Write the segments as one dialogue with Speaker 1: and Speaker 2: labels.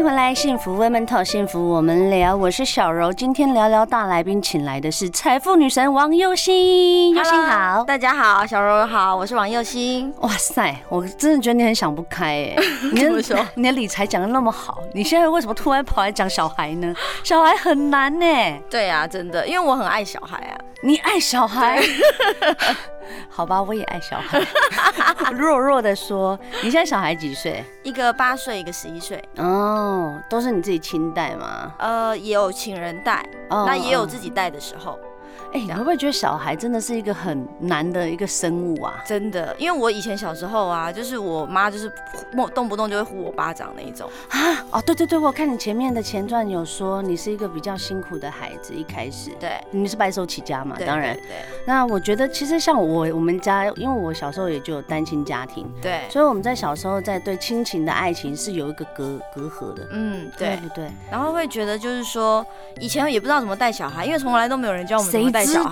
Speaker 1: 歡迎回來，幸福 WOMENTALK，為們，幸福我們聊。我是小柔，今天聊聊大來賓，請來的是財富女神王宥忻。Hello, 好，大家好，小柔好，我是王宥忻。哇塞，我真的覺得你很想不開耶，哎， 你的你的理財講的那麼好，你現在為什麼突然跑來講小孩呢？小孩很難呢。對呀、啊，真的，因為我很愛小孩啊。你愛小孩？ 好吧，我也愛小孩。 弱弱的說，你現在小孩幾歲？
Speaker 2: 一個八歲，一個十一歲。
Speaker 1: 嗯、oh。哦，都是你自己親帶嗎？
Speaker 2: 呃，也有請人帶。哦，那也有自己帶的時候。哦
Speaker 1: 哎、欸，你會不會覺得小孩真的是一個很難的一個生物啊？真的，因為我以前小時候
Speaker 2: 啊，就是我媽就是動不動就會呼我巴掌那一種
Speaker 1: 啊。哦，對對對，我看你前面的前傳有說你是一個比較辛苦的孩子，一開始對，你是白手起家嘛，對對對當然對。那我覺得其實像我我們家，因為我小時候也就有單親家庭，對，所以我們在小時候在對親情的愛情是有一個隔隔閡的，嗯，對，對，對。
Speaker 2: 然後會覺得就是說以前也不知道怎麼帶小孩，因為從來都沒有人教我們。誰知道？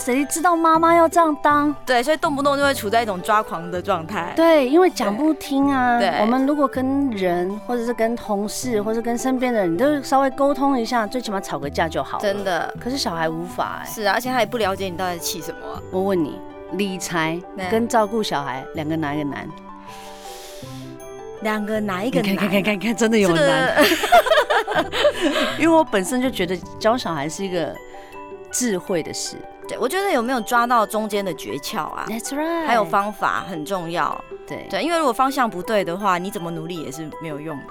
Speaker 1: 誰知道媽媽要這樣當？對，所以動不動就會處在一種抓
Speaker 2: 狂的狀態。對，
Speaker 1: 因為講不聽啊對。對。我們如果跟人，或者是跟同事，或者是跟身邊的人，你都稍微溝通一下，最起碼吵個架就好了。真的。可是小孩無法哎、欸。是啊，而且他也不了解你到底在氣什麼。我問你，理財跟照顧小孩，嗯、兩個哪一個難？兩個哪一個難？看，看，看，看，真的有難。這個、 因為我本身就覺得教小孩是一個智慧的事，
Speaker 2: 對，我覺得有沒有抓到中間的訣竅啊？That's right. 還有方法很重要。對對，因為如果方向不對的話，你怎麼努力也是沒有用的。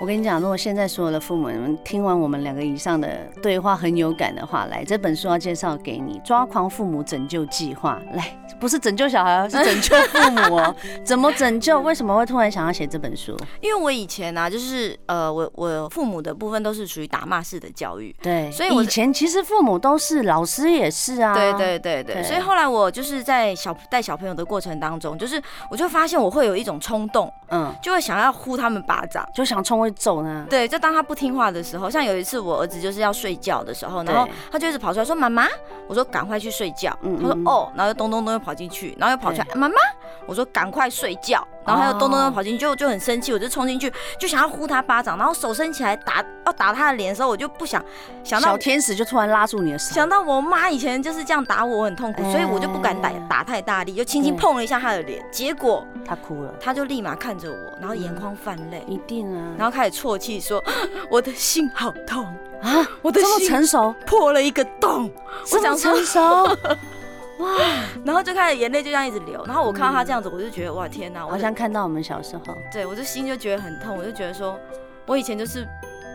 Speaker 1: 我跟你講，如果現在所有的父母你們聽完我們兩個以上的對話很有感的話，來，這本書要介紹給你《抓狂父母拯救計劃》來，不是拯救小孩，是拯救父母哦。 怎麼拯救？為什麼會突然想要寫這本書？
Speaker 2: 因為我以前啊，就是呃，我我父母的部
Speaker 1: 分都是屬於打罵
Speaker 2: 式的教育。
Speaker 1: 對，所以以前其實父母都是，老師也是啊。對對對對，對，對。所以後
Speaker 2: 來我就是在小帶小朋友的過程當中，就是我就發現我會有一種衝動，嗯，就會想要呼他們巴掌，就想衝走呢？對，就當他不聽話的時候，像有一次我兒子就是要睡覺的時候，然後他就一直跑出來說：“媽媽。”我說：“趕快去睡覺。嗯嗯”他說：“哦。”然後咚咚咚又跑進去，然後又跑出來：“啊，媽媽。”我說：“趕快睡覺。”然後還有咚咚咚跑進去，oh. 就就很生氣，我就衝進去，就想要呼他巴掌，然後手伸起來打，要打他的臉的時候，我就不想，想到小天使就突然拉住你的手，想到我媽以前就是這樣打我，我很痛苦、欸，所以我就不敢打，打太大力，就輕輕碰了一下他的臉，結果他哭了，他就立馬看着我，然後眼眶泛淚，一定啊，然後開始啜泣說，嗯、 我的心好痛啊我，我的心這麼成熟，破了一個洞，我講成熟。 哇，然後就開始眼淚就這樣一直流，然後我看到他這樣子，我就覺得、嗯、哇天哪！我好
Speaker 1: 像看到我們小時候。
Speaker 2: 對，我就心就覺得很痛，我就覺得說，我以前就是，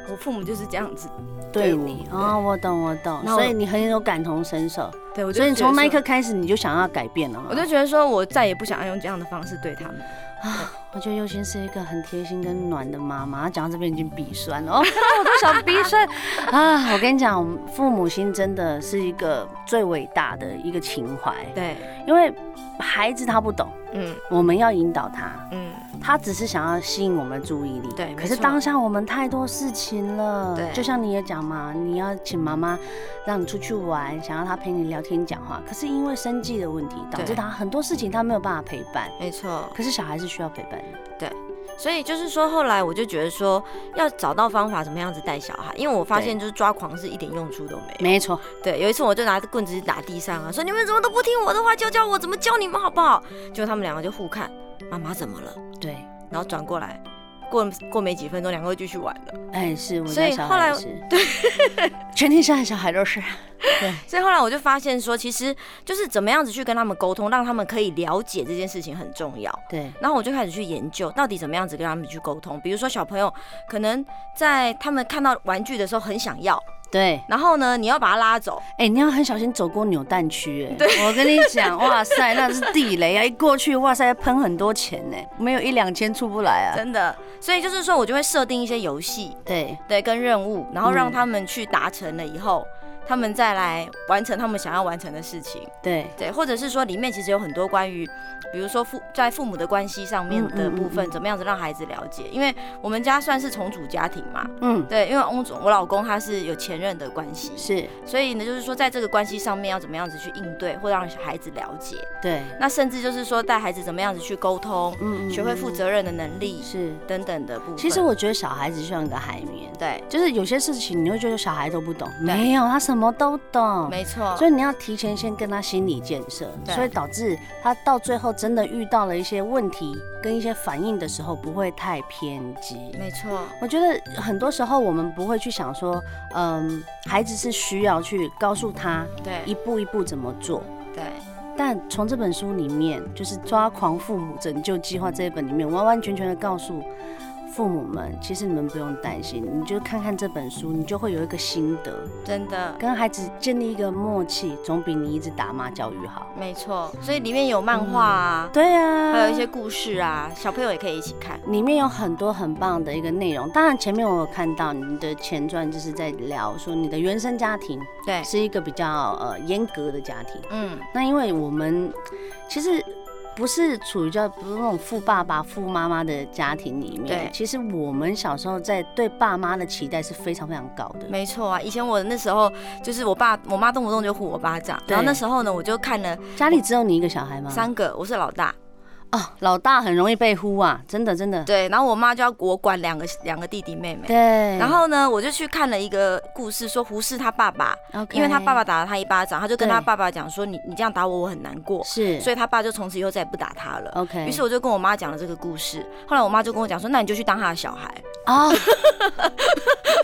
Speaker 2: 我父母就是這樣子
Speaker 1: 對，對你啊、哦，我懂我懂我，所以你很有感同身受。對我覺得，所以你從那一刻開始你就想要改變了。我
Speaker 2: 就覺得說我再也不想要用這樣的方式對他們。
Speaker 1: 啊，我覺得宥忻是一個很貼心跟暖的媽媽。她講到這邊已經鼻酸了，哦， 我都想鼻酸 啊！我跟你講，父母心真的是一個最偉大的一個情懷。對，因為孩子他不懂，嗯，我們要引導他，嗯。他只是想要吸引我們注意力，對。可是當下我們太多事情了，對。就像你也講嘛，你要請媽媽讓你出去玩，想要她陪你聊天講話，可是因為生計的問題，導致他很多事情他沒有辦法陪伴，沒錯。可是小孩是需要陪伴的，對。
Speaker 2: 所以就是說，後來我就覺得說，要找到方法怎麼樣子帶小孩，因為我發現就是抓狂是一點用處都沒有，沒錯。對，有一次我就拿着棍子打地上啊，說你們怎麼都不聽我的話，教教我怎麼教你們好不好？就他們兩個就互看。媽媽怎麼了？對，然後轉過來，過過沒幾分鐘，兩個就去玩了。哎、欸，是我，所以後來
Speaker 1: 對，全天下的小孩都是。對，
Speaker 2: 所以後來我就發現說，其實就是怎麼樣子去跟他們溝通，讓他們可以了解這件事情很重要。對，然後我就開始去研究到底怎麼樣子跟他們去溝通。比如說小朋友可能在他們看
Speaker 1: 到玩具的時候很想要。對，然後呢，你要把他拉走，哎、欸，你要很小心走過扭蛋區、欸，哎，對，我跟你講，哇塞，那是地雷啊，一過去，哇塞，要噴很多錢呢、欸，沒有一兩千出不來啊，真的，
Speaker 2: 所以就是說我就會設定一些遊戲，對，對，跟任務，然後讓他們去達成了以後。嗯他們再來完成他們想要完成的事情，對，對對，或者是說裡面其實有很多關於，比如說父在父母的關係上面的部分。嗯嗯嗯，怎麼樣子讓孩子了解？因為我們家算是重組家庭嘛，嗯，對，因為翁總，我老公他是有前任的關係，是，所以呢，就是說在這個關係上面要怎麼樣子去應對，或者讓孩子了解，對，那甚至就是說帶孩子怎麼樣子去溝通，嗯，嗯，
Speaker 1: 嗯，學會負責任的能力是等等的部分。其實我覺得小孩子就像個海綿，對，就是有些事情你會覺得小孩都不懂，沒有他什麼。什麼都懂，沒錯。所以你要提前先跟他心理建設，所以導致他到最後真的遇到了一些問題跟一些反應的時候，不會太偏激。沒錯，我覺得很多時候我們不會去想說，嗯，孩子是需要去告訴他，對，一步一步怎麼做，對。對，但從這本書裡面，就是《抓狂父母拯救計劃》這一本裡面，完完全全的告訴。父母們，其實你們不用擔心，你就看看這本書，你就會有一個心得。真的，跟孩子建立一個默契，總比你一直打罵教育好。沒錯，所以裡面有漫畫啊，嗯、對呀、啊，還有一些故事啊，小朋友也可以一起看。裡面有很多很棒的一個內容。當然，前面我有看到你的前傳，就是在聊說你的原生家庭，對，是一個比較呃嚴格的家庭。嗯，那因為我們其實。不是處於叫不是那種富爸爸富媽媽的家庭裡面，對，其實我們小時候在對爸媽的期待是非常非常高的。沒錯啊，以前我那時候就是我爸我媽動不動就呼我巴掌，然後那時
Speaker 2: 候呢，我就看了。家裡只有你一個小孩嗎？三個，我是老大。哦，老大很容易被呼啊，真的真的。對，然後我媽就要我管兩個兩個弟弟妹妹。對。然後呢，我就去看了一個故事，說胡適他爸爸
Speaker 1: ，okay. 因為他爸爸
Speaker 2: 打了他一巴掌，他就跟他爸爸講說：“你你這樣打我，我很難過。”是。所以他爸就從此以後再也不打他了。OK。於是我就跟我媽講了這個故事，後來我媽就跟我講說：“那你就去當他的小孩。”
Speaker 1: 哦。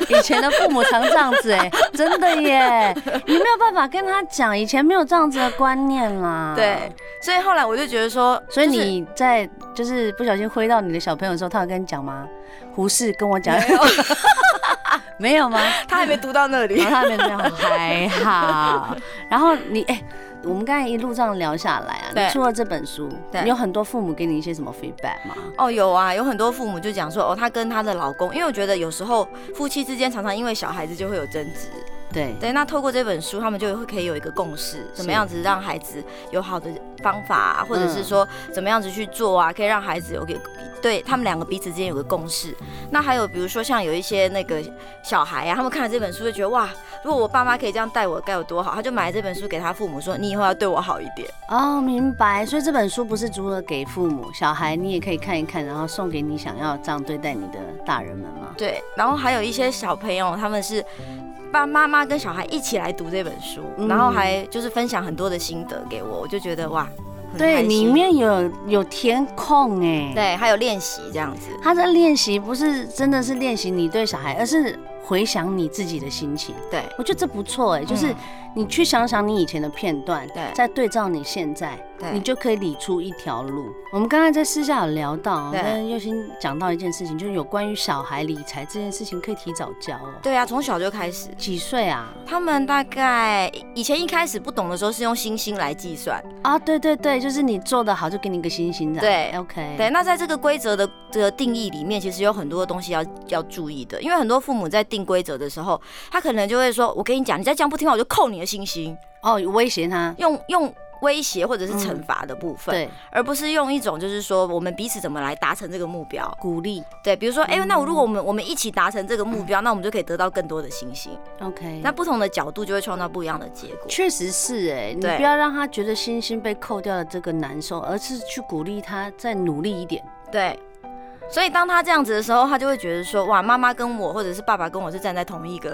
Speaker 1: 以前的父母常這樣子哎，真的耶，你沒有辦法跟他講，以前沒有這樣子的觀念啦。對。
Speaker 2: 所以後來我就覺得說，所以你。你
Speaker 1: 在就是不小心揮到你的小朋友的時候，他有跟你講嗎？胡適跟我講， 沒有嗎？他還沒讀到那裡， 他還沒沒有，還好。然後你哎、欸，我們剛才一路上聊下來啊，你出了這本書，對你有很多父母給你一些什麼 feedback 嗎？
Speaker 2: 哦，有啊，有很多父母就講說，哦，她跟她的老公，因為我覺得有時候夫妻之間常常因為小孩子就會有爭執，對對。那透過這本書，他們就會可以有一個共識，怎麼樣子讓孩子有好的。方法、啊，或者是說怎麼樣子去做啊，嗯、可以讓孩子有給對他們兩個彼此之間有個共識。那還有比如說像有一些那個小孩啊，他們看了這本書就覺得哇，如果我爸媽可以這樣帶我，該有多好！他就買了這本書給他父母說：“你以後要對我好一點。”
Speaker 1: 哦，明白。所以這本書不是除了給父母、小孩，你也可以看一看，然後送給你想要這樣對待你的大人們嗎？
Speaker 2: 對。然後還有一些小朋友，他們是爸媽媽跟小孩一起來讀這本書，然後還就是分享很多的心得給我，我就覺得哇。對，裡
Speaker 1: 面有有填空哎，對，還有練習這樣子。他這練習，不是真的是練習你對小孩，而是。回想你自己的心情，對，我覺得這不錯哎、欸嗯，就是你去想想你以前的片段，對，再對照你現在，對，你就可以理出一條路。我們剛才在私下有聊到、啊，跟宥忻講到一件事情，就是有關於小孩理財這件事情，可以提早教哦、喔。
Speaker 2: 對啊，從小就開始，
Speaker 1: 幾歲啊？
Speaker 2: 他們大概以前一開始不懂的時候，是用星星來計算
Speaker 1: 啊。對對對，就是你做的好就給你一個星星的。對，OK。對，
Speaker 2: 那在這個規則的這個定義裡面，其實有很多的東西要要注意的，因
Speaker 1: 為很多父母在定規
Speaker 2: 則的時候，他可能就會說：“我跟你講，你再這樣不聽話，我就扣你的星星。”哦，威脅他用用威脅或者是懲罰、嗯、的部分，對，而不是用一種就是說我們彼此怎麼來達成這個目標，鼓勵對，比如說，哎、欸，那我如果我們我們一起達成這個目標、嗯，那我們就可以得到更多的星星。OK，那不同的角度就會創造不一樣的結果。確實
Speaker 1: 是哎、欸，你不要讓他覺得星星被扣掉了這個難受，而是去鼓勵他再努力一點。對。所以當他這樣子的時候，他就會覺得說：哇，媽媽跟我，或者是爸爸跟我是站
Speaker 2: 在同一個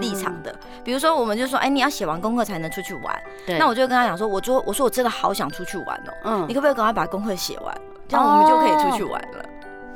Speaker 2: 立場的。嗯、比如說，我們就說：哎、欸，你要寫完功課才能出去玩。對。那我就跟他
Speaker 1: 講說，我做，我說我真的好想出去玩哦、喔。嗯，你可不可以趕快把功課寫完，這樣我們就可以出去玩了？哦、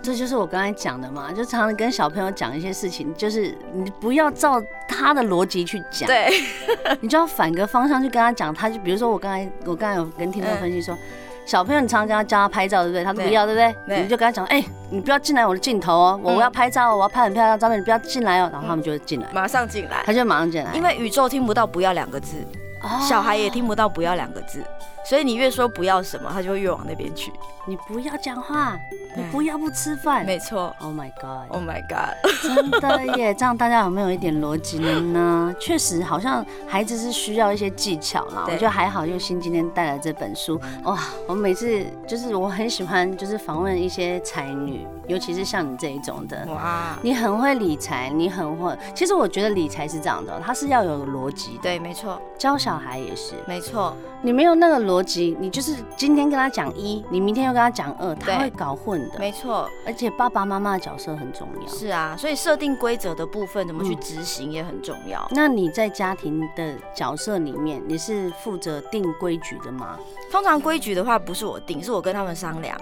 Speaker 1: 這就是我剛才講的嘛，就常常跟小朋友講一些事情，就是你不要照他的邏輯去講，對， 你就要反個方向去跟他講。他就比如說我，我剛才我剛才有跟聽眾分析說。嗯小朋友，你常常教他，他拍照，對不對？他都不要，對不對？對對，你就跟他講，哎、欸，你不要進來我的鏡頭哦，我要拍照哦，嗯、我要拍很漂亮照片，你不要進來哦，然後他們就會進來，嗯，馬上進來，他就馬上進來，因為宇宙聽不到“不要”兩個字，哦，小孩也聽不到“不
Speaker 2: 要”兩個字。所以你越說不要什麼，他就會越往那邊去。
Speaker 1: 你不要講話，你不要不吃飯。沒錯。Oh my god. Oh my god. 真的耶，這樣大家有沒有一點邏輯呢？確 實，好像孩子是需要一些技巧啦。對我覺得還好，宥忻今天帶來這本書。哇，我每次就是我很喜歡就是訪問一些才女，尤其是像你這一種的。哇，你很會理財，你很會。其實我覺得理財是這樣的，它是要有邏輯的。對，沒錯。教小孩也是。沒錯。你沒有那個邏。邏輯，你就是今天跟他講一，你明天又跟他講二，他會搞混的。沒錯，而且爸爸媽媽的角色很重要。是啊，所以設定規則的部分，怎麼去執行也很重要。嗯。那你在家庭的角色裡面，你是負責定規矩的嗎？通常規矩的話，不是我定，是我跟他們商量，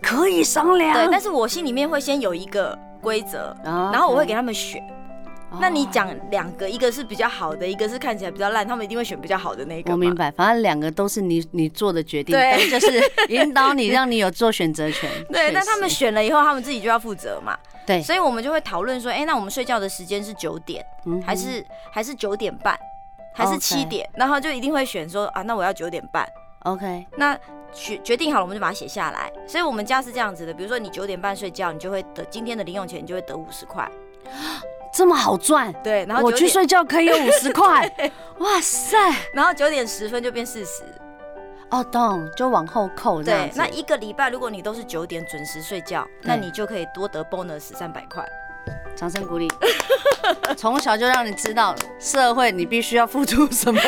Speaker 1: 可以商量。對，
Speaker 2: 但是我心裡面會先有一個規則，
Speaker 1: 啊，然後我會給
Speaker 2: 他們選。嗯。那你講兩個，一個是比較好的，一個是看起來比較爛，他們一定會選比較好的那個。我
Speaker 1: 明白，反正兩個都是你你做的決定，對， 就是
Speaker 2: 引導你讓你
Speaker 1: 有做選擇權。對，那他
Speaker 2: 們選了以後，他們自己就要負責嘛。對，所以我們就會討論說，哎、欸，那我們睡覺的時間是九點，嗯，還是還是九點半，還是七點，okay？然後就一定會選說啊，那我要九點半。OK，那決決定好了，我們就把它寫下來。所以我們家是這樣子的，比如說你九點半睡覺，你就會得今天的零用錢，你就會得五十塊。
Speaker 1: 這麼好賺，對，然後我去睡覺可以有五十塊，
Speaker 2: 哇塞，然後九點十分就變四
Speaker 1: 十，哦，懂，就往後扣，對，那一
Speaker 2: 個禮拜如果你都是九點準時睡覺，那你就可以多得 bonus 三百塊，掌聲鼓勵。
Speaker 1: 從 小就讓你知道社會你必須要付出什麼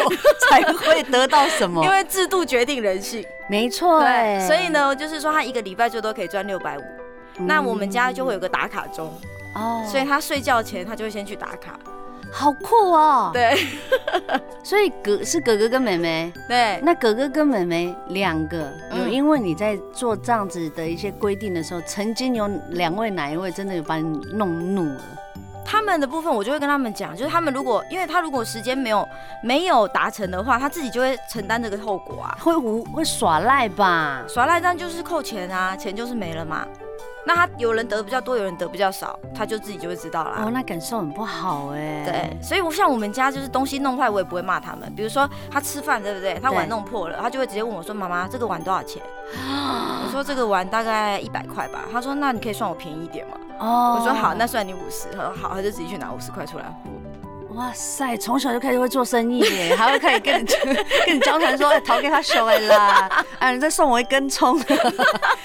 Speaker 1: 才會得到什麼， 因為
Speaker 2: 制度決定人性，
Speaker 1: 沒錯。對，所以
Speaker 2: 呢，就是說他一個禮拜最多可以賺六百五，那我們家就會有個打卡鐘哦、oh.，所以他睡覺前他就會先去打卡，
Speaker 1: 好酷哦，對， 所以哥是哥哥跟妹妹，對，那哥哥跟妹妹兩個有，因為你在做這樣子的一些規定的時候，嗯、曾經有兩位哪一位真的有把你弄怒了？他們的部分我就會
Speaker 2: 跟他們講，就是他們如果因為他如果時間沒有沒有達成的話，他自己就會承擔這個後果
Speaker 1: 啊，會無會耍賴吧？
Speaker 2: 耍賴但就是扣錢啊，錢就是沒了嘛。那他有人得比較多，有人得比較少，他就自己就會知道啦。
Speaker 1: 哦，那感受很不好哎、欸。對，
Speaker 2: 所以我像我們家就是東西弄壞，我也不會罵他們。比如說他吃飯對不對？他碗弄破了，他就會直接問我說：“媽媽，這個碗多少錢？”
Speaker 1: 我說：“
Speaker 2: 這個碗大概一百塊吧。”他說：“那你可以算我便宜一點嘛？”
Speaker 1: 哦，oh. 我說：“好，那
Speaker 2: 算你五十。”他說：“好。”他就直接去拿五十塊出來。
Speaker 1: 哇塞，從小就開始會做生意耶，還會開始跟你去 跟你交談說，哎、 欸，淘給他手啦，哎、啊，人家送我一根蔥。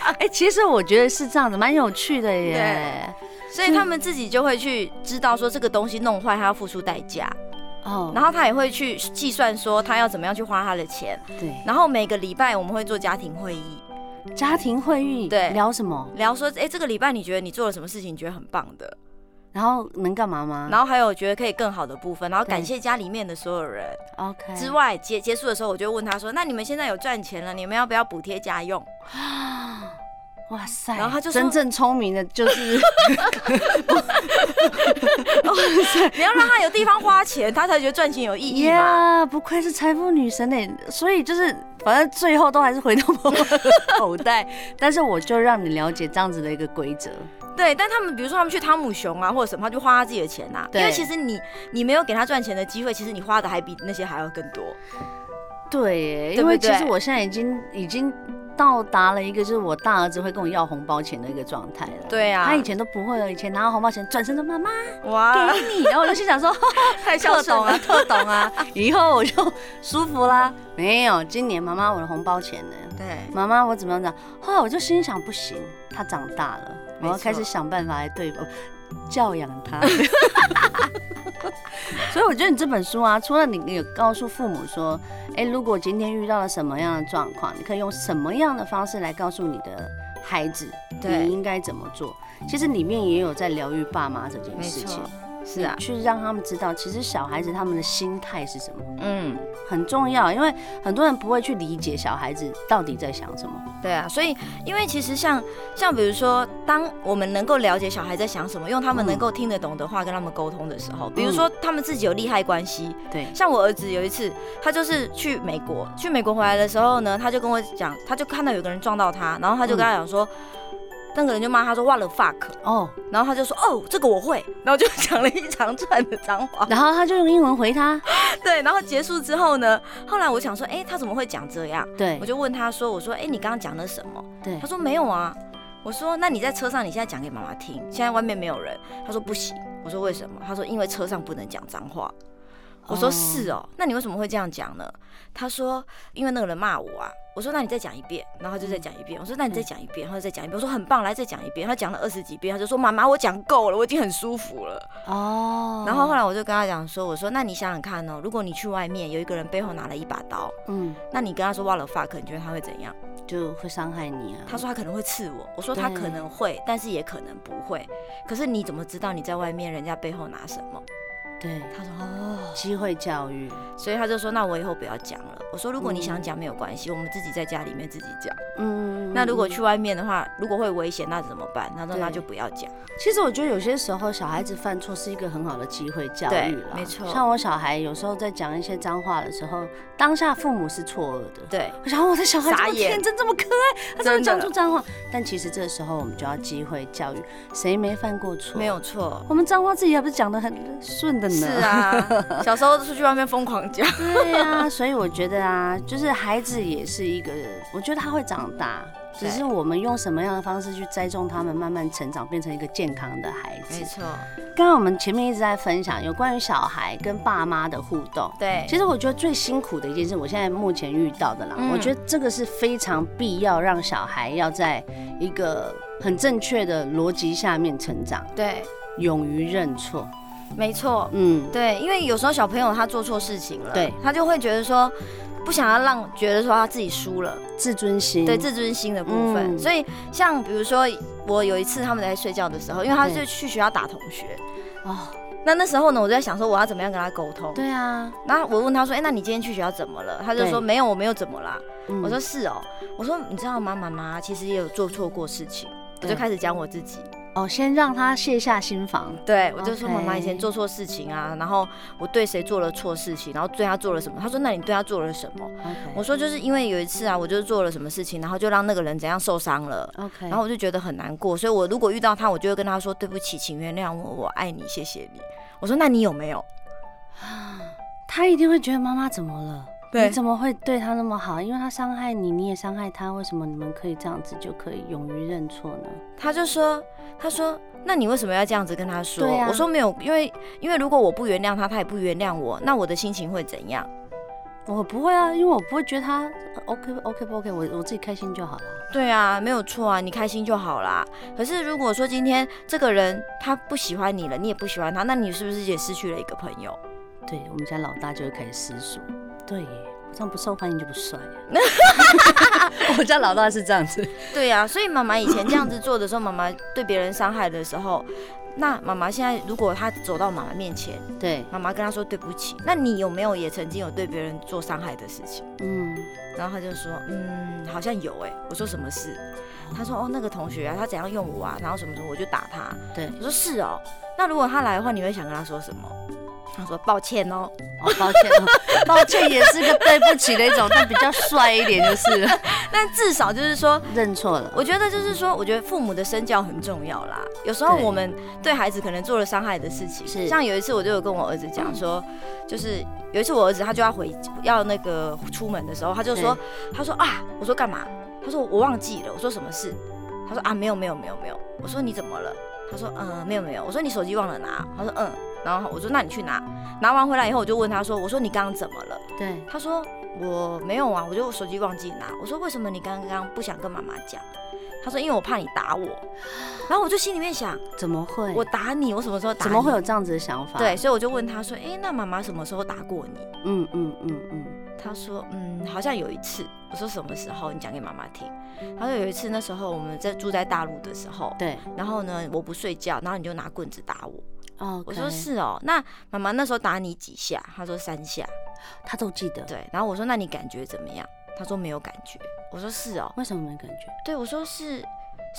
Speaker 1: 哎、 欸，其實我覺得是這樣的，蠻有趣的耶。對。
Speaker 2: 所以他們自己就會去知道說這個東西弄壞，他要付出代價。
Speaker 1: 哦、嗯。然
Speaker 2: 後他也會去計算說他要怎麼樣去花他的錢。對。然後每個禮拜我們會做家庭會議。
Speaker 1: 家庭會議。對。聊什麼？
Speaker 2: 聊說，哎、欸，這個禮拜你覺得你做了什麼事情，你覺得很棒的。
Speaker 1: 然後能幹嘛嗎？然後還有我
Speaker 2: 覺得可以更好的部分，然後感謝家裡面的所有人。OK，之外結結束的時候，我就問他說：“那你們現在有賺錢了，你們要不要補貼家用？”
Speaker 1: 哇塞！然後他就說，真正聰明的就是， 你要讓他有地方花
Speaker 2: 錢， 他才覺得賺錢有意義呀，yeah,
Speaker 1: 不愧是財富女神呢。欸，所以就是，反正最後都還是回到口袋。但是我就讓你了解這樣子的一個規則。
Speaker 2: 對，但他們比如說他們去湯姆熊啊或者什麼，他就花他自己的錢吶，啊。因為其實你你沒有給他賺錢的機會，其實你花的還比那些還要更多。
Speaker 1: 對，欸對，對，因為其實我現在已經已經。到達了一個就是我大兒子會跟我要紅包錢的一個狀態。對啊，他以前都不會了，以前拿到紅包錢轉身說媽媽，哇，給你，然後我就心想說太孝順了，特懂啊， 以後我就舒服啦。 沒有，今年媽媽我的紅包錢呢？對，媽媽我怎麼樣講？後來，我就心想不行，他長大了，我要開始想辦法來對我教養他。 所以我覺得你這本書啊，除了你，你有告訴父母說，誒、欸，如果今天遇到了什麼樣的狀況，你可以用什麼樣的方式來告訴你的孩子，你應該怎麼做？其實裡面也有在療癒爸媽這件事情。是啊、欸，去讓他們知道，其實小孩子他們的心態是什麼，嗯，很重要，因為很多人不會去理解小孩子到底在想什麼。對啊，所以因為其實像像比如
Speaker 2: 說，當我們能夠了解小孩在想什麼，用他們能夠聽得懂的話跟他們溝通的時候、嗯，比如說他們自己有利害關係，對、嗯，像我兒子有一次，他就是去美國，去美國回來的時候呢，他就跟我講，他就看到有個人撞到他，然後他就跟他講說。嗯那個人就罵他說 What the fuck 哦、oh.，然後他就說哦這個我會，然後就講了一長串的髒話，然後他
Speaker 1: 就用英文回他，
Speaker 2: 對，然後結束之後呢，後來我想說哎、欸、他怎麼會講這樣？對我就問他說我說哎、欸、你剛剛講了什麼？對他說沒有啊。我說那你在車上你現在講給媽媽聽，現在外面沒有人。他說不行。我說為什麼？他說因為車上不能講髒話。我說、oh. 是哦，那你為什麼會這樣講呢？他說因為那個人罵我啊。我說那你再講一遍，然後他就再講一遍,、嗯一,嗯、一遍。我說那你再講一遍，然後再講一遍。我說很棒，來再講一遍。他講了二十幾遍，他就說媽媽，我講夠了，我已經很舒服了。哦、oh.。然後後來我就跟他講說，我說那你想想看哦，如果你去外面有一個人背後拿了一把刀，嗯，那你跟他說挖了發克你覺得他會怎樣？就會傷害你啊。他說他可能會刺我。我說他可能會，但是也可能不會。可是你怎麼知道你在外面人家背後拿什麼？對，他說哦，機會教育，所以他就說，那我以後不要講了。我說，如果你想講、嗯、沒有關係，我們自己在家裡面自己講。嗯，
Speaker 1: 那如果去
Speaker 2: 外面的話，如果會危險，那怎麼辦？他說，那就不要講。
Speaker 1: 其實我覺得有些時候小孩子犯錯是一個很好的機會教育了。對，沒錯。像我小孩有時候在講一些髒話的時候，當下父母是錯愕的。對，然後我的小孩這麼天真，這麼可愛，他是是真的講出髒話？但其實這個時候我們就要機會教育，誰沒犯過錯？沒有錯，我們髒話自己還不是講得很順的呢。
Speaker 2: 是啊，小時候出去外面瘋狂
Speaker 1: 叫。 對啊，所以我覺得啊，就是孩子也是一個，我覺得他會長大，只是我們用什麼樣的方式去栽種他們，慢慢成長，變成一個健康的孩子。沒錯。剛剛我們前面一直在分享有關於小孩跟爸媽的互動。對。其實我覺得最辛苦的一件事，我現在目前遇到的啦、嗯，我覺得這個是非常必要讓小孩要在一個很正確的邏輯下面成長。對。勇於認錯。沒錯，嗯，
Speaker 2: 對，因為有時候小朋友他做錯事情了，對，他就會覺得說，不想要讓覺得說他自己輸了，自尊心，對，自尊心的部分、嗯。所以像比如說我有一次他們在睡覺的時候，因為他就去學校打同學，哦，那那時候呢，我就在想說我要怎麼樣跟他溝通。對啊，那我問他說，哎、欸，那你今天去學校怎麼了？他就說沒有，我沒有怎麼啦、嗯。我說是哦，我說你知道嗎，媽媽其實也有做錯過事情，我就開始講我自己。
Speaker 1: 哦，先讓他卸下心防。對，我就說媽媽以前做
Speaker 2: 錯事情啊，okay, 然後我對誰做了錯事情，然後對他做了什麼。他說，那你對他做了什麼？Okay, 我說就是因為有一次啊，okay. 我就做了什麼事情，然後就讓那個人怎樣受傷了。Okay. 然後我就覺得很難過，所以我如果遇到他，我就會跟他說對不起，請原諒我，我愛你，謝謝你。我說，那你有沒
Speaker 1: 有？啊，他一定會覺得媽媽怎麼了？你怎麼會對他那麼好？因為他傷害你，你也傷害他，為什麼你們可以這樣子就可以勇於認錯呢？
Speaker 2: 他就說，他說，那你為什麼要這樣子跟他說？啊、我說沒有，因為因為如果我不原諒他，他也不原諒我，那我的心情會怎樣？
Speaker 1: 我不會啊，因為我不會覺得他 OK OK 不 OK，我我自己開心就好啦。
Speaker 2: 對啊，沒有錯啊，你開心就好啦。可是如果說今天這個人他不喜歡你了，你也不喜歡他，那你是不是也失去了一
Speaker 1: 個朋友？對，我們家老大就會開始思索。對耶，這樣不受歡迎就不帥、啊。 我家老大是這樣子。
Speaker 2: 對呀、啊，所以媽媽以前這樣子做的時候，媽 媽對別人傷害的時候，那媽媽現在如果他走到媽媽面前，對，媽媽跟他說對不起。那你有沒有也曾經有對別人做傷害的事情？嗯，然後他就說，嗯，好像有哎、欸。我說什麼事？哦、他說哦，那個同學啊，他怎樣用我啊，然後什麼什麼，我就打他。對，我說是哦。那如果他來的話，你會想跟他說什麼？他說：“抱歉哦， 哦，抱歉哦， 抱歉也是個對不起的一種， 但比較帥一點就是了。 但至少就是說認錯了。我覺得就是說，我覺得父母的身教很重要啦。有時候我們對孩子可能做了傷害的事情，是像有一次我就有跟我兒子講說，就是有一次我兒子他就要回要那個出門的時候，他就說他說啊，我說幹嘛？他說我忘記了。我說什麼事？他說啊，沒有沒有沒有沒有。我說你怎麼了？他說嗯，沒有沒有。我說你手機忘了拿。他說嗯。”然後我說：“那你去拿，拿完回來以後，我就問他說：‘我說你剛剛怎麼了？’對，他說：‘我沒有啊，我就手機忘記拿。’我說：‘為什麼你剛剛不想跟媽媽講？’他說：‘因為我怕你打我。’然後我就心裡面想：‘
Speaker 1: 怎麼會？我
Speaker 2: 打你？我什麼時候打？’怎麼會有
Speaker 1: 這樣子的想法？對，
Speaker 2: 所以我就問他說：‘哎、欸，那媽媽什麼時候打過你？’嗯嗯嗯嗯，他說：‘嗯，好像有一次。’我說：‘什麼時候？你講給媽媽聽。’他說：‘有一次，那時候我們在住在大陸的時候，對，然後呢，我不睡覺，然後你就拿棍子打我。’哦、okay.，我說是哦，那媽媽那時候打你幾下？她說三下，他都記得。對，然後我說，那你感覺怎麼樣？他說沒有感覺。我說是哦，為什麼沒感覺？對，我說是，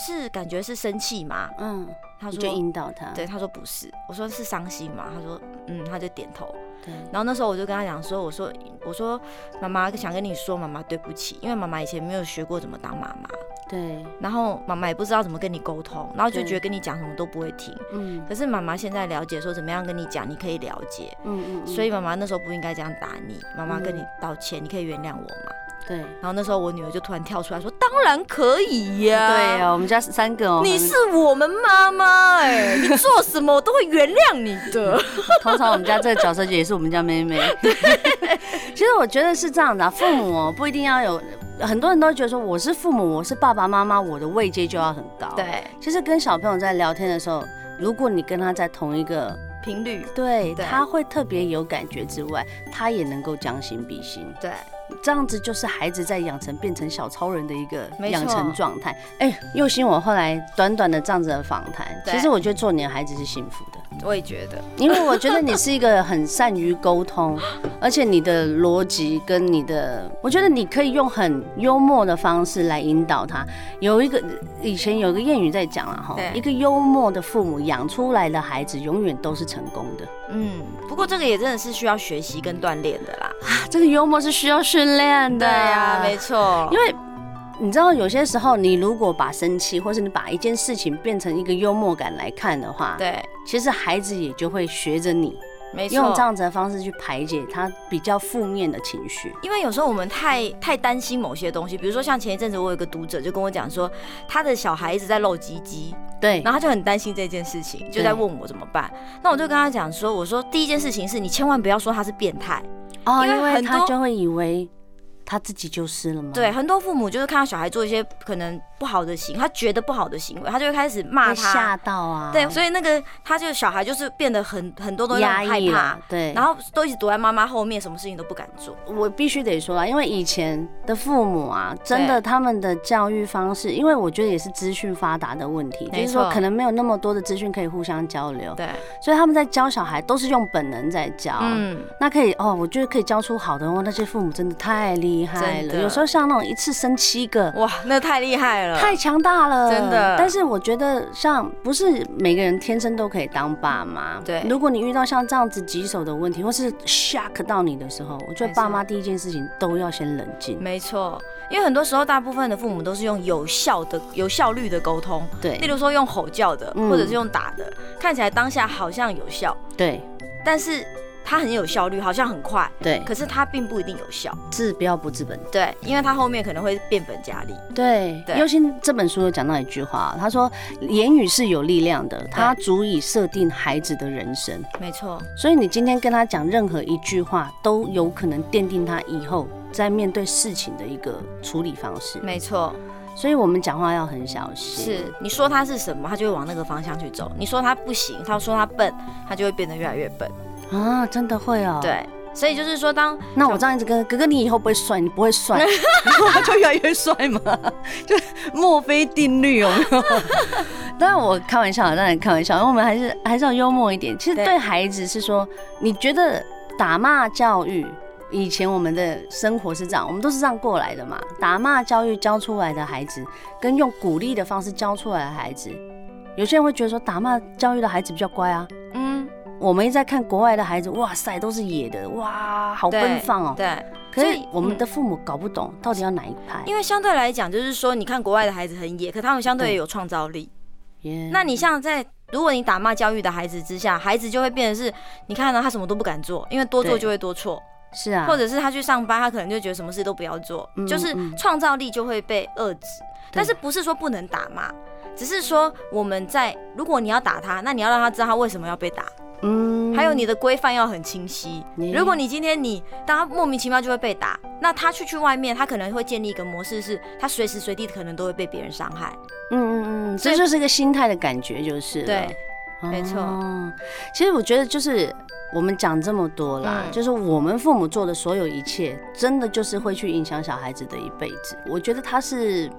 Speaker 2: 是感覺是生氣嗎？嗯，他說，就引導他。對，他說不是。我說是傷心嗎？他說嗯，他就點頭。對，然後那時候我就跟他講說，我說我說媽媽想跟你說，媽媽對不起，因為媽媽以前沒有學過怎麼當媽媽。對，然後媽媽也不知道怎麼跟你溝通，然後就覺得跟你講什麼都不會聽。嗯，可是媽媽現在了解說怎麼樣跟你講，你可以了解。嗯嗯，嗯。所以媽媽那時候不應該這樣打你，媽媽跟你道歉，嗯、你可以原諒我嗎？對。然後那時候我女兒就突然跳出來說：“當然可以呀、啊！”對呀、哦，我們
Speaker 1: 家三個哦，你是我們媽媽哎， 你做什麼我都會原諒你的。 通常我們家這個角色就也是我們家妹妹。對 其實我覺得是這樣的、啊，父母、哦、不一定要有。很多人都覺得說，我是父母，我是爸爸媽媽，我的位階就要很高，欸。對，其實跟小朋友在聊天的時候，如果你跟他在同一個頻率，對，對他會特別有感覺之外，他也能夠將心比心。對，這樣子就是孩子在養成變成小超人的一個養成狀態。哎，欸，宥忻我後來短短的這樣子的訪談，其實我覺得做你的孩子是幸福的。我也覺得，因為我覺得你是一個很善於溝通， 而且你的邏輯跟你的，我覺得你可以用很幽默的方式來引導他。有一個以前有一個諺語在講啦齁，一個幽默的父母養出來的孩子永遠都是成功的。嗯，
Speaker 2: 不過這個也真的是需要學習跟鍛鍊的啦。
Speaker 1: 啊，這個幽默是需要訓練的。對呀、啊，沒錯，因為。你知道有些時候，你如果把生氣，或是你把一件事情變成一個幽默感來看的話，對，其實孩子也就會學着你，沒錯，用這樣子的方式去排解他比較負面的情緒。
Speaker 2: 因為有時候我們太太擔心某些東西，比如說像前一陣子我有一個讀者就跟我講說，他的小孩一直在露雞雞，對，然後他就很擔心這件事情，就在問我怎麼辦。那我就跟他講說，我說第一件事情是你千萬不要說他是變態，哦，因為很多，因為他就
Speaker 1: 會以為。他自己就是了嗎？對，
Speaker 2: 很多父母就是看到小孩做一些可能不好的行為，他覺得不好的行為，他就會開始罵他。嚇到啊！對，所以那個他就小孩就是變得很很多都壓抑啦，對。然後都一直躲在媽媽後面，什麼事情都不敢做。
Speaker 1: 我必須得說啊，因為以前的父母啊，真的他們的教育方式，因為我覺得也是資訊發達的問題，就是說可能沒有那麼多的資訊可以互相交流。對。所以他們在教小孩都是用本能在教。嗯。那可以哦，我覺得可以教出好的哦，那些父母真的太厲害。厲害了，有時候像那種一次生七個，哇，
Speaker 2: 那太厲害了，太強大了，真的。但是
Speaker 1: 我覺得，像不是每個人天生都可以當爸媽。對，如果你遇到像這樣子棘手的問題，或是 shock 到你的時候，我覺得爸媽第一件事情都要先冷靜。沒錯，因為很多時候，大部分的父母都是用有效的、有效率的溝通。對，例如說
Speaker 2: 用吼叫的、嗯，或者是用打的，看起來當下好像有效。對，但是。它很有效率，好像很快，對。可是它並不一定有效，
Speaker 1: 治標不治本。對，
Speaker 2: 因為它後面可能會變本加厲。
Speaker 1: 對。尤其這本書有講到一句話，他說：“言語是有力量的，它、嗯、足以設定孩子的人生。”
Speaker 2: 沒錯。
Speaker 1: 所以你今天跟他講任何一句話，都有可能奠定他以後在面對事情的一個處理方式。沒錯。所以我們講話要很小心。是。你說他是
Speaker 2: 什麼，他就會往那個方向去走。你說他不行，他說他笨，他就會變得越來越笨。
Speaker 1: 啊，真的會哦、喔。對，
Speaker 2: 所以就是說當，當
Speaker 1: 那我這樣子跟哥哥，你以後不會帥，你不會帥，然 後就越來越帥嘛，就墨菲定律哦。當 然我開玩笑，當然開玩笑，因為我們還是還是要幽默一點。其實對孩子是說，你覺得打罵教育，以前我們的生活是這樣，我們都是這樣過來的嘛。打罵教育教出來的孩子，跟用鼓勵的方式教出來的孩子，有些人會覺得說，打罵教育的孩子比較乖啊。我們一直在看國外的孩子，哇塞，都是野的，哇，好奔放哦、喔。對，對所以、嗯。可是我們的父母搞不懂到底要哪一派。
Speaker 2: 因為相對來講，就是說你看國外的孩子很野，可他們相對也有創造力。那你像在如果你打罵教育的孩子之下，孩子就會變成是，你看到他什麼都不敢做，因為多做就會多錯。
Speaker 1: 是啊。或者
Speaker 2: 是他去上班，他可能就覺得什麼事都不要做，嗯、就是創造力就會被遏制。但是不是說不能打罵，只是說我們在如果你要打他，那你要讓他知道他為什麼要被打。嗯，還有你的規範要很清晰。嗯。如果你今天你，當他莫名其妙就會被打，那他去去外面，他可能會建立一個模式，是他隨時隨地可能都會被別人傷害。嗯
Speaker 1: 嗯嗯，這就是一個心態的感覺，就是對，哦、沒錯。其實我覺得就是我們講這麼多啦、嗯，就是我們父母做的所有一切，真的就是會去影響小孩子的一輩子。我覺得他是。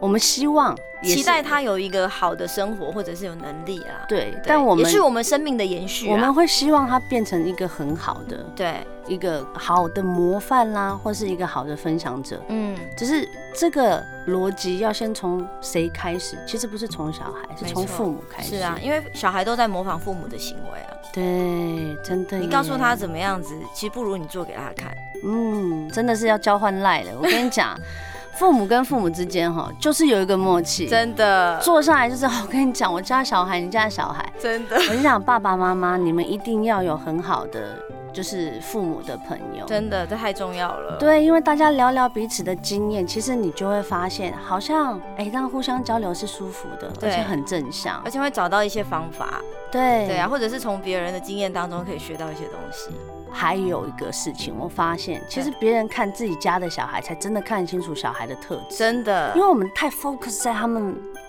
Speaker 1: 我們希望期待他
Speaker 2: 有一個好的生活，或者是有能力啦、啊。
Speaker 1: 對，但我們也是我
Speaker 2: 們生命的延續、啊。我們會
Speaker 1: 希望他變成一個很好的，對，一個好的模範啦、啊，或是一個好的分享者。嗯，只是這個邏輯要先從誰開始？其實不是從小孩，是從父母開始。是啊，因
Speaker 2: 為小孩都在模仿父母的行為啊。
Speaker 1: 對，真的。你告訴他，他
Speaker 2: 怎麼樣子，其實不如你做給他看。
Speaker 1: 嗯，真的是要交換賴的。我跟你講。 父母跟父母之間哈，就是有一個默契，真的坐下來就是。我跟你講，我家小孩，你家小孩，真的。我跟你講，爸爸媽媽，你們一定要有很好的就是父母的朋友，真的，這太重要了。對，因為大家聊聊彼此的經驗，其實你就會發現，好像哎，這樣互相交流是舒服的，而且很正向，而
Speaker 2: 且會找到一些方法。
Speaker 1: 對，對啊，或
Speaker 2: 者是從別人的經驗當中可以學到
Speaker 1: 一些東西。還有一個事情，我發現其實，別人看自己家的小孩，才真的看清楚小孩的特質。真的，因為我們太 focus 在他們，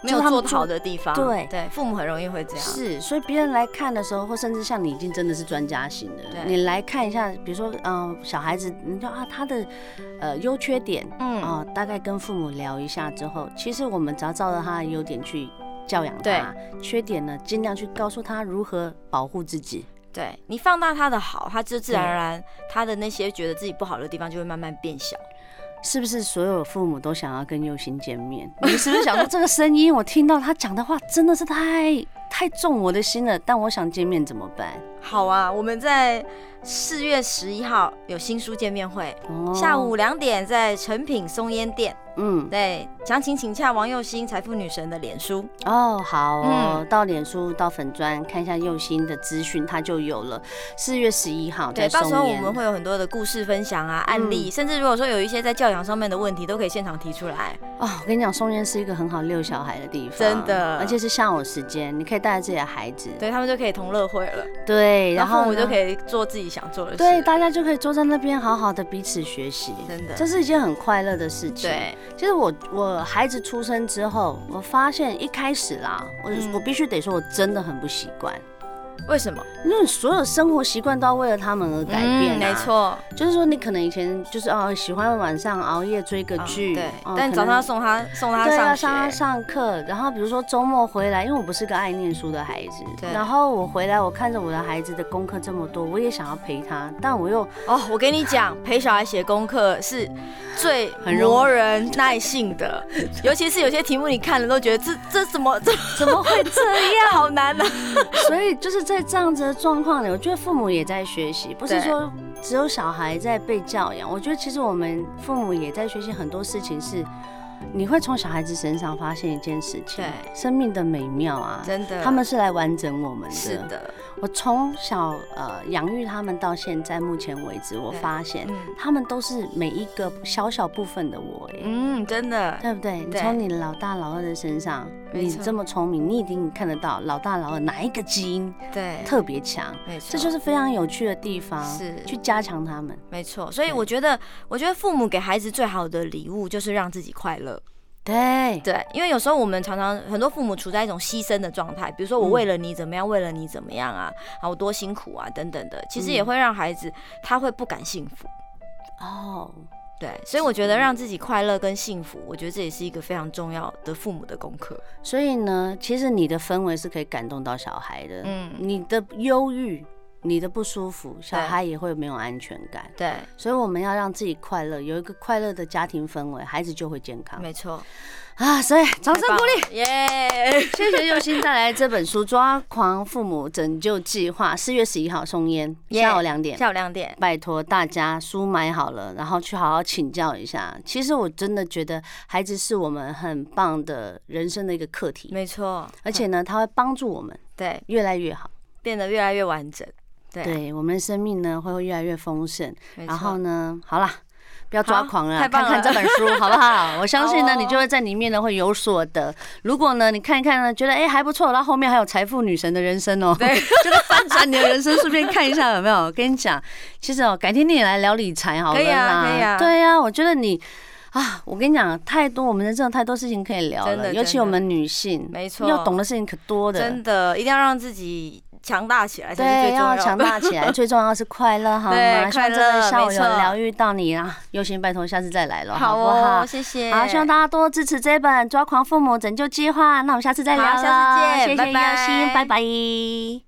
Speaker 1: 他們沒有做好的地方。對對，父母很容易會這樣。是，所以別人來看的時候，或甚至像你已經真的是專家型的對，你來看一下，比如說，嗯、呃，小孩子，你就啊，他的呃優缺點，嗯、呃、啊，大概跟父母聊一下之後，嗯、其實我們只要照着他的優點去教養他。對，缺點呢，盡量去告訴他如何保護自己。對，你放大
Speaker 2: 他的好，他就自然而然，他的那些覺得自己不好的地方就會慢慢變小。
Speaker 1: 是不是所有父母都想要跟宥忻見面？ 你是不是想說，這個聲音，我聽到他講的話真的是太太重我的心了。但我想見面怎麼辦？
Speaker 2: 好啊，我們在四月十一號有新書見面會，哦、下午兩點在誠品松菸店。嗯，對，詳情請洽王宥忻財富女神的臉書。
Speaker 1: 哦，好哦、嗯，到臉書到粉專看一下宥忻的資訊，他就有了。四月十一號，對，到時候我們會有很多的故事分享啊，案例，嗯、甚至如果說有一些在教養上
Speaker 2: 面的問題，都可以現場提出來。
Speaker 1: 哦，我跟你講，松菸是一個很好遛小孩的地方，真的，而且是下午時間，你可以帶着自己的孩子，對，
Speaker 2: 他們就可以同樂會了。
Speaker 1: 對。對，然後，然後我們就可以
Speaker 2: 做自己想做的事。對，
Speaker 1: 大家就可以坐在那邊好好的彼此學習，真的，這是一件很快樂的事情。對，其實我我孩子出生之後，我發現一開始啦，我、嗯、我必須得說，我真的很不習慣。為什麼？因為你所有生活習慣都要為了他們而改變、啊嗯。沒錯，就是說你可能以前就是哦喜歡晚上熬夜追個劇、哦，對、哦，但你早上要送他送他上學，送、啊、他上課。然後比如說周末回來，因為我不是個愛念書的孩子，對。然後我回來，我看着我的孩子的功課這麼多，我也想要陪他，但我又哦，我跟你講，陪小孩寫功課是最
Speaker 2: 很磨人
Speaker 1: 耐性的， 尤其是有些題目你看了都覺得這這怎麼這怎麼會這樣 好難呢、啊？所以就是。在這樣子的狀況裡，我覺得父母也在學習，不是說只有小孩在被教養。我覺得其實我們父母也在學習很多事情是，是你會從小孩子身上發現一件事情對，生命的美妙啊，真的，他們是來完整我們的。是的。我從小呃養育他們到現在，目前為止，我發現、嗯、他們都是每一個小小部分的我。嗯，真的，對不對？對，你從你老大老二的身上，你這麼聰明，你一定看得到老大老二哪一個基因對特別強。沒錯，這就是非常有趣的地方。嗯、是去加強他們。沒錯，所以我覺得，我覺得父母給孩子最好的
Speaker 2: 禮物就是讓自己快樂。對對，因為有時候我們常常很多父母處在一種犧牲的狀態，比如說我為了你怎麼樣，嗯、為了你怎麼樣啊，好、啊、我多辛苦啊等等的，其實也會讓孩子、嗯、他會不敢幸福。哦，對，所以我覺得讓自
Speaker 1: 己快樂跟幸福，我覺得這也是一個非常重要的父母的功課。所以呢，其實你的氛圍是可以感動到小孩的，嗯，你的憂鬱。你的不舒服，小孩也會沒有安全感。對，所以我們要讓自己快樂，有一個快樂的家庭氛圍，孩子就會健康。沒錯，啊，所以掌聲鼓勵，耶！謝謝宥忻帶來這本書《 抓狂父母拯救計劃》4月11號送，四月十一號，松菸下午兩點，下午兩點，拜托大家書買好了，然後去好好請教一下。其實我真的覺得，孩子是我們很棒的人生的一個課題。沒錯，而且呢，嗯、他會幫助我們對越來越好，變得越來越完整。對，對，我們的生命呢會越來越豐盛，然後呢，好了，不要抓狂了，快看看這本書好不好？ 我相信呢，哦、你就會在裡面呢會有所得。如果呢，你看一看呢，覺得哎、欸、還不錯，那後，後面還有財富女神的人生哦、喔，對， 就在翻轉你的人生順 便看一下有沒有。我跟你講，其實哦、喔，改天你也來聊理財好了呀、啊啊，對呀、啊，我覺得你啊，我跟你講，太多，我們人生太多事情可以聊了，真的尤其我們女性，沒錯，要懂的事情可多的，真的，一定要讓自己強大起來才是最重要的。對，要強大起來， 最重要的是快樂，好嗎？快樂沒錯。希望這個笑容有療癒到你啦、啊，宥忻，拜託下次再來嘍、哦，好不好、好？謝謝。好，希望大家多多支持這本《抓狂父母拯救計劃》。那我們下次再聊了，下次見，謝謝宥忻，拜拜。